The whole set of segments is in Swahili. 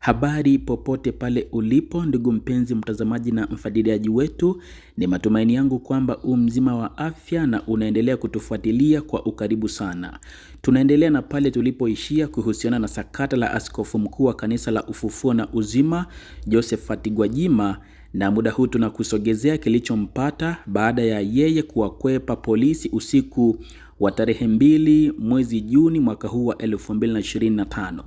Habari popote pale ulipo, ndugu mpenzi mtazamaji na mfadiliaji wetu, ni matumaini yangu kwamba u mzima wa afya na unaendelea kutufuatilia kwa ukaribu sana. Tunaendelea na pale tulipoishia kuhusiana na sakata la askofu mkuu wa kanisa la Ufufuo na Uzima Josephat Gwajima, na muda huu tunakusogezea kilichompata baada ya yeye kuwakwepa polisi usiku wa tarehe mbili mwezi Juni mwaka huu wa 2025.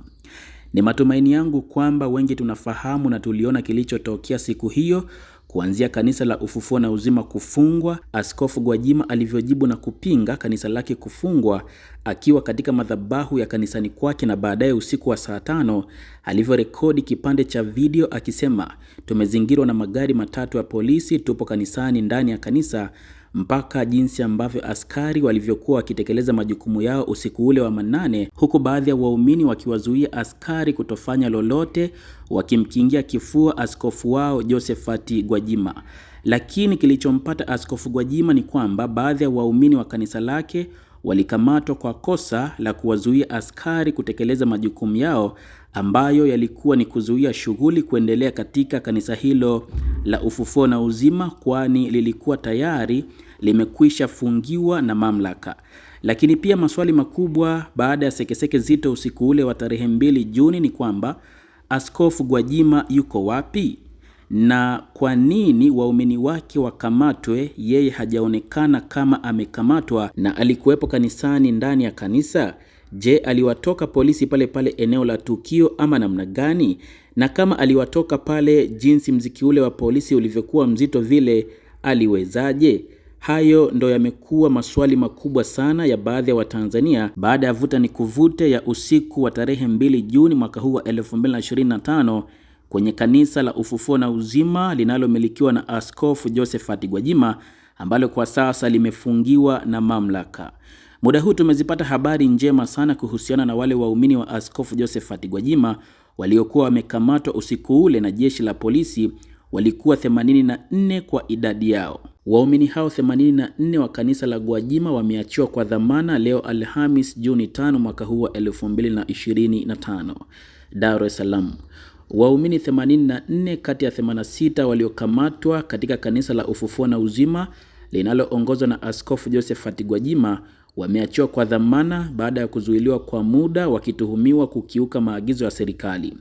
Ni matumaini yangu kwamba wengi tunafahamu na tuliona kilichotokea siku hiyo kuanzia kanisa la Ufufuo na Uzima kufungwa, Askofu Gwajima alivyojibu na kupinga kanisa lake kufungwa akiwa katika madhabahu ya kanisani kwake, na baadaye usiku wa saa tano alivyorekodi kipande cha video akisema, tumezingirwa na magari matatu ya polisi, tupo kanisani, ndani ya kanisa mpaka jinsi ambavyo askari walivyokuwa wakitekeleza majukumu yao usiku ule wa manane, huku baadhi ya waumini wakiwazuia askari kutofanya lolote, wakimkingia kifua askofu wao Josephat Gwajima. Lakini kilichompata askofu Gwajima ni kwamba baadhi ya waumini wa kanisa lake walikamatwa kwa kosa la kuwazuia askari kutekeleza majukumu yao ambayo yalikuwa ni kuzuia shughuli kuendelea katika kanisa hilo la Ufufuo na Uzima, kwani lilikuwa tayari limekwisha fungiwa na mamlaka. Lakini pia maswali makubwa baada ya sekeseke zito usiku ule wa tarehe mbili Juni ni kwamba Askofu Gwajima yuko wapi na kwa nini waumini wake wakamatwe, yeye hajaonekana kama amekamatwa na alikuwepo kanisani ndani ya kanisa? Je, aliwatoka polisi pale pale eneo la tukio ama namna gani? Na kama aliwatoka pale, jinsi mziki ule wa polisi ulivyokuwa mzito vile, aliwezaje? Hayo ndo yamekuwa maswali makubwa sana ya baadhi ya Watanzania baada ya vuta ni kuvute ya usiku wa tarehe 2 Juni mwaka huu wa 2025 kwenye kanisa la Ufufuo na Uzima linalomilikiwa na Askofu Josephat Gwajima ambalo kwa sasa limefungiwa na mamlaka. Muda huu tumezipata habari njema sana kuhusiana na wale waumini wa Askofu Josephat Gwajima waliokuwa wamekamatwa usiku ule na jeshi la polisi, walikuwa 84 kwa idadi yao. Waumini hao 84 wa kanisa la Gwajima wameachiwa kwa dhamana leo Alhamis Juni 5 mwaka huu wa 2025. Dar es Salaam. Waumini 84 kati ya 86 waliokamatwa katika kanisa la Ufufuo na Uzima linaloongozwa na Askofu Josephat Gwajima wameachiwa kwa dhamana baada ya kuzuiliwa kwa muda wakituhumiwa kukiuka maagizo ya serikali.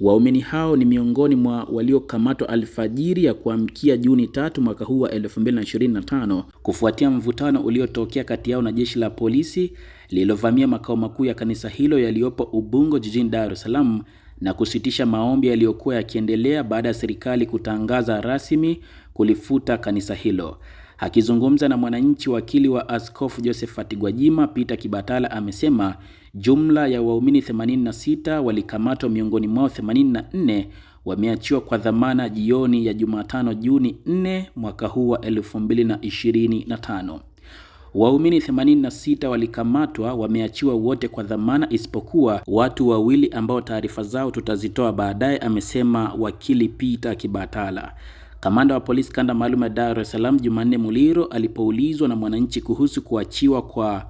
Waumini hao ni miongoni mwa waliokamatwa alfajiri ya kuamkia Juni tatu mwaka huu wa 2025 kufuatia mvutano uliotokea kati yao na jeshi la polisi lililovamia makao makuu ya kanisa hilo yaliyopo Ubungo jijini Dar es Salaam na kusitisha maombi yaliyokuwa yakiendelea baada ya serikali kutangaza rasmi kulifuta kanisa hilo. Akizungumza na mwananchi, wakili wa Askofu Josephat Gwajima Peter Kibatala amesema Jumla ya waumini 86 walikamatwa, miongoni mwao 84 wameachiwa kwa dhamana jioni ya Jumatano Juni 4 mwaka huu wa 2025. Waumini 86 walikamatwa, wameachiwa wote kwa dhamana isipokuwa watu wawili ambao taarifa zao tutazitoa baadaye, amesema wakili Peter Kibatala. Kamanda wa polisi kanda maalum ya Dar es Salaam Jumanne Muliro alipoulizwa na Mwananchi kuhusu kuachiwa kwa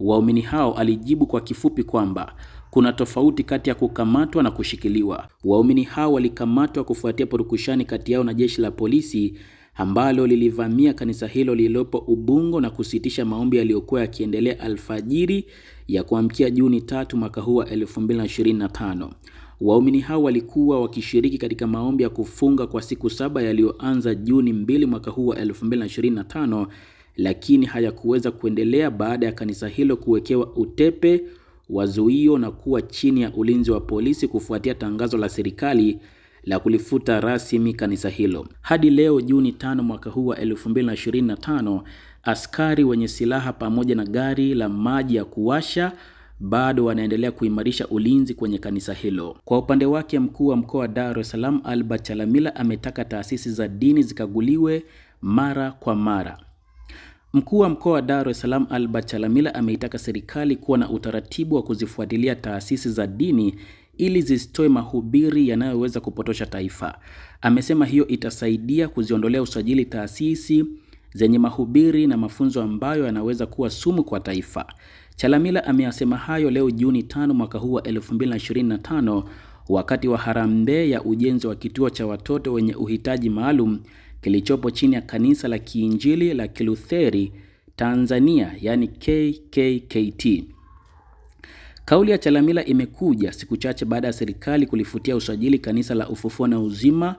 Waumini hao alijibu kwa kifupi kwamba kuna tofauti kati ya kukamatwa na kushikiliwa. Waumini hao walikamatwa kufuatia purukushani kati yao na jeshi la polisi ambalo lilivamia kanisa hilo lililopo Ubungo na kusitisha maombi yaliyokuwa yakiendelea alfajiri ya kuamkia Juni tatu mwaka huu wa 2025. Waumini hao walikuwa wakishiriki katika maombi ya kufunga kwa siku saba yaliyoanza Juni 2 mwaka huu wa 2025 lakini hayakuweza kuendelea baada ya kanisa hilo kuwekewa utepe wa zuio na kuwa chini ya ulinzi wa polisi kufuatia tangazo la serikali la kulifuta rasmi kanisa hilo. Hadi leo Juni tano mwaka huu wa 2025, askari wenye silaha pamoja na gari la maji ya kuwasha bado wanaendelea kuimarisha ulinzi kwenye kanisa hilo. Kwa upande wake, mkuu wa mkoa wa Dar es Salaam Albert Chalamila ametaka taasisi za dini zikaguliwe mara kwa mara Mkuu wa mkoa wa Dar es Salaam Albert Chalamila ameitaka serikali kuwa na utaratibu wa kuzifuatilia taasisi za dini ili zisitoe mahubiri yanayoweza kupotosha taifa. Amesema hiyo itasaidia kuziondolea usajili taasisi zenye mahubiri na mafunzo ambayo yanaweza kuwa sumu kwa taifa. Chalamila ameyasema hayo leo Juni tano mwaka huu wa 2025 wakati wa harambee ya ujenzi wa kituo cha watoto wenye uhitaji maalum kilichopo chini ya Kanisa la Kiinjili la Kilutheri Tanzania, yani KKKT. Kauli ya Chalamila imekuja siku chache baada ya serikali kulifutia usajili Kanisa la Ufufuo na Uzima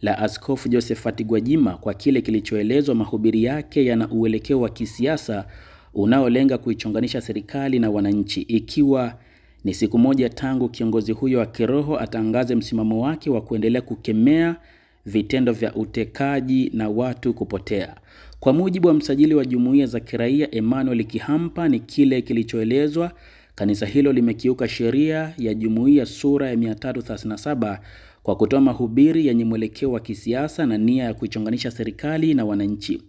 la Askofu Josephat Gwajima kwa kile kilichoelezwa mahubiri yake yana uelekeo wa kisiasa unaolenga kuichonganisha serikali na wananchi, ikiwa ni siku moja tangu kiongozi huyo wa kiroho atangaze msimamo wake wa kuendelea kukemea vitendo vya utekaji na watu kupotea. Kwa mujibu wa msajili wa jumuiya za kiraia Emmanuel Kihampa, ni kile kilichoelezwa kanisa hilo limekiuka sheria ya jumuiya sura ya 337 kwa kutoa mahubiri yenye mwelekeo wa kisiasa na nia ya kuichonganisha serikali na wananchi.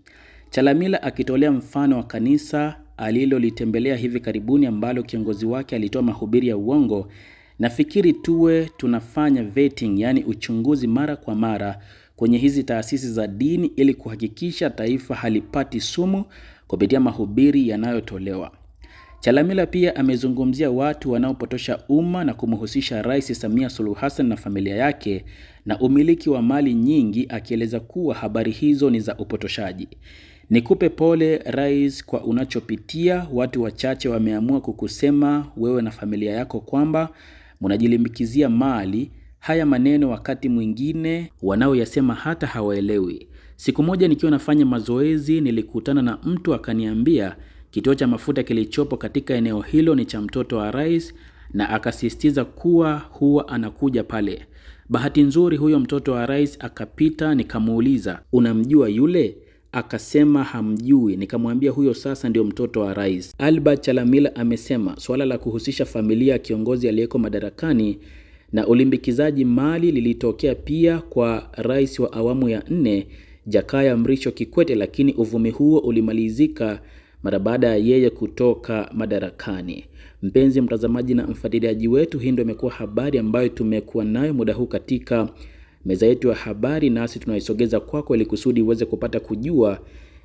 Chalamila akitolea mfano wa kanisa alilolitembelea hivi karibuni ambalo kiongozi wake alitoa mahubiri ya uongo Nafikiri tuwe tunafanya vetting, yani uchunguzi mara kwa mara kwenye hizi taasisi za dini ili kuhakikisha taifa halipati sumu kupitia mahubiri yanayotolewa. Chalamila pia amezungumzia watu wanaopotosha umma na kumhusisha Rais Samia Suluhu Hassan na familia yake na umiliki wa mali nyingi akieleza kuwa habari hizo ni za upotoshaji. Nikupe pole Rais kwa unachopitia. Watu wachache wameamua kukusema wewe na familia yako kwamba Munajilimbikizia mali haya maneno wakati mwingine wanaoyasema hata hawaelewi. Siku moja nikiwa nafanya mazoezi, nilikutana na mtu akaniambia kituo cha mafuta kilichopo katika eneo hilo ni cha mtoto wa rais, na akasisitiza kuwa huwa anakuja pale. Bahati nzuri huyo mtoto wa rais akapita, nikamuuliza, unamjua yule? Akasema hamjui, nikamwambia huyo sasa ndio mtoto wa rais. Albert Chalamila amesema suala la kuhusisha familia ya kiongozi aliyeko madarakani na ulimbikizaji mali lilitokea pia kwa rais wa awamu ya nne Jakaya Mrisho Kikwete, lakini uvumi huo ulimalizika mara baada ya yeye kutoka madarakani. Mpenzi mtazamaji na mfuatiliaji wetu, hii ndio imekuwa habari ambayo tumekuwa nayo muda huu katika meza yetu ya habari, nasi tunaisogeza kwako ili kusudi uweze kupata kujua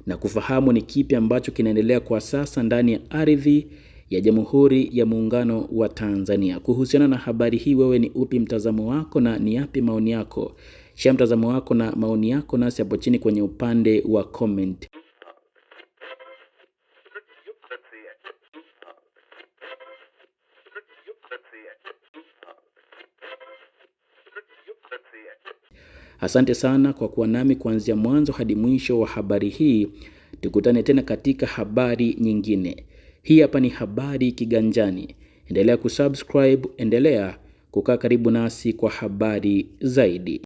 na kufahamu ni kipi ambacho kinaendelea kwa sasa ndani ya ardhi ya Jamhuri ya Muungano wa Tanzania. Kuhusiana na habari hii, wewe ni upi mtazamo wako na ni yapi maoni yako? Shia mtazamo wako na maoni yako nasi hapo chini kwenye upande wa comment. Asante sana kwa kuwa nami kuanzia mwanzo hadi mwisho wa habari hii. Tukutane tena katika habari nyingine. Hii hapa ni Habari Kiganjani. Endelea kusubscribe, endelea kukaa karibu nasi kwa habari zaidi.